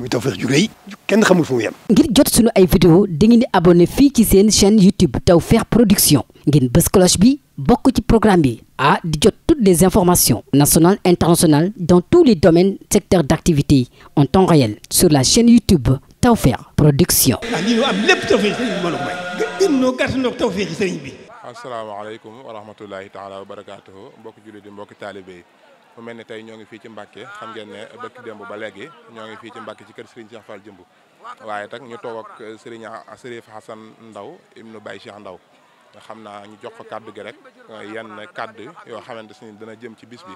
muy Tawfekh ju rëy kenn xamul fu mu yem. ngir jot sunu ay vidéo dangeen di abonné fii ci seen chaîne YouTube Tawfekh Production ngeen bës cloche bi bokk ci programme bi ah di jot toutes des informations national internationales dans tous les domaines secteurs d'activité en temps réel sur la chaine YouTube Tawfekh Production. ah lii am lépp Tawfekh sëriñ bi mbooloo mooy. gën ñoo gàtt ñoo Tawfekh sëriñ bi. asalaamaaleykum wa rahmatulahi taala wa barakaatuhu mbokki jullit yi mbokki mu mel ni tey ñoo ngi fii ci Mbàkke xam ngeen ne bëkk démb ba léegi ñoo ngi fii ci Mbàkke ci kër Serigne Cheikh Fall jëmb waaye tak ñu toog ak euh, Serigne Serif Hassan Ndaw ibnu Baye Cheikh Ndaw xam naa ñu jox ko kàddu gi rek euh, yenn kàddu yoo xamante ne dina jëm ci bis bi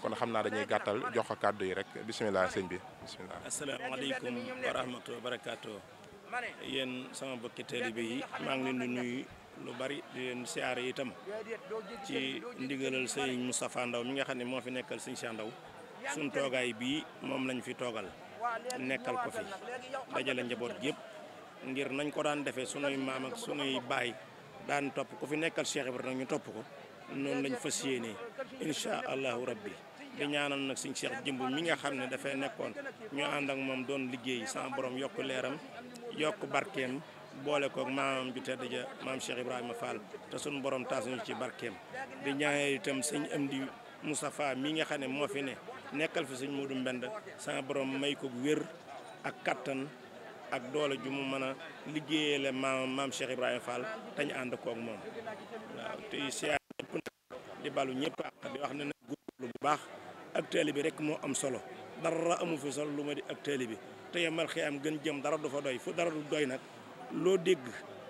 kon xam naa dañuy gàttal jox ko kàddu yi rek bisimilah sëñ bi bisimilah. asalaamaaleykum wa rahmatulah wa barakaatu. yéen sama bokki taalibe yi maa ngi leen di lu bari di leen siyaare itam ci ndigalal sëñ Moustapha Ndaw mi nga xam ne moo fi nekkal sëñ Cheikh Ndaw suñ toogaay bii moom lañ fi toogal nekkal ko fi dajale njaboot gi yëpp ngir nañ ko daan defee sunuy maam ak sunuy baay daan topp ku fi nekkal Cheikh Ibrahima ñu topp ko noonu lañ fa yéenee incha allahu rabbi di ñaanal nag suñ Cheikh jëmb mi nga xam ne dafay nekkoon ñu ànd ak moom doon liggéey sama boroom yokk leeram yokk barkeem boole kook maamam ju tedd ja maam Cheikh Ibrahima Fall te suñ borom taas ñu ci barkeem di ñaanal itam sëñ Amdi Moustapha mi nga xam ne moo fi ne nekkal fi sëñ du Mbend sama boroom may ko wér ak kattan ak doole ju mu mën a liggéeyale maam maam Cheikh Ibrahima Fall te ànd koog moom waaw te siyaar ñëpp di balu ñëpp di wax ne nag góorgóorlu bu baax ak taalibe bi rek moo am solo dara amu fi solo lu ma di ak taalibe bi te yemal xëy am gën jëm dara du fa doy dara du doy nag. loo dégg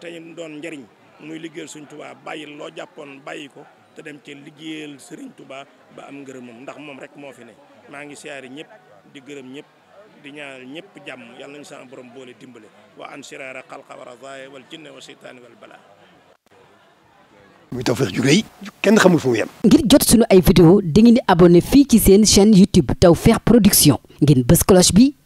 te ñu doon njariñ muy liggéeyal suñ tubaa bàyyi loo jàppoon bàyyi ko te dem ci liggéeyal sëriñ tubaa ba am ngërëmam ndax moom rek moo fi ne maa ngi siyaari ñëpp di gërëm ñëpp di ñaanal ñëpp jàmm yàlla nañu sama boroom boole dimbale waa an siraara xalqa wa razaaya wal jinne wa seytaani wal balaa muy Tawfekh ju rëy kenn xamul fu mu yem ngir jot suñu ay vidéo di ngeen di abonné fii ci seen chaîne YouTube Tawfekh Production ngeen bës cloche bi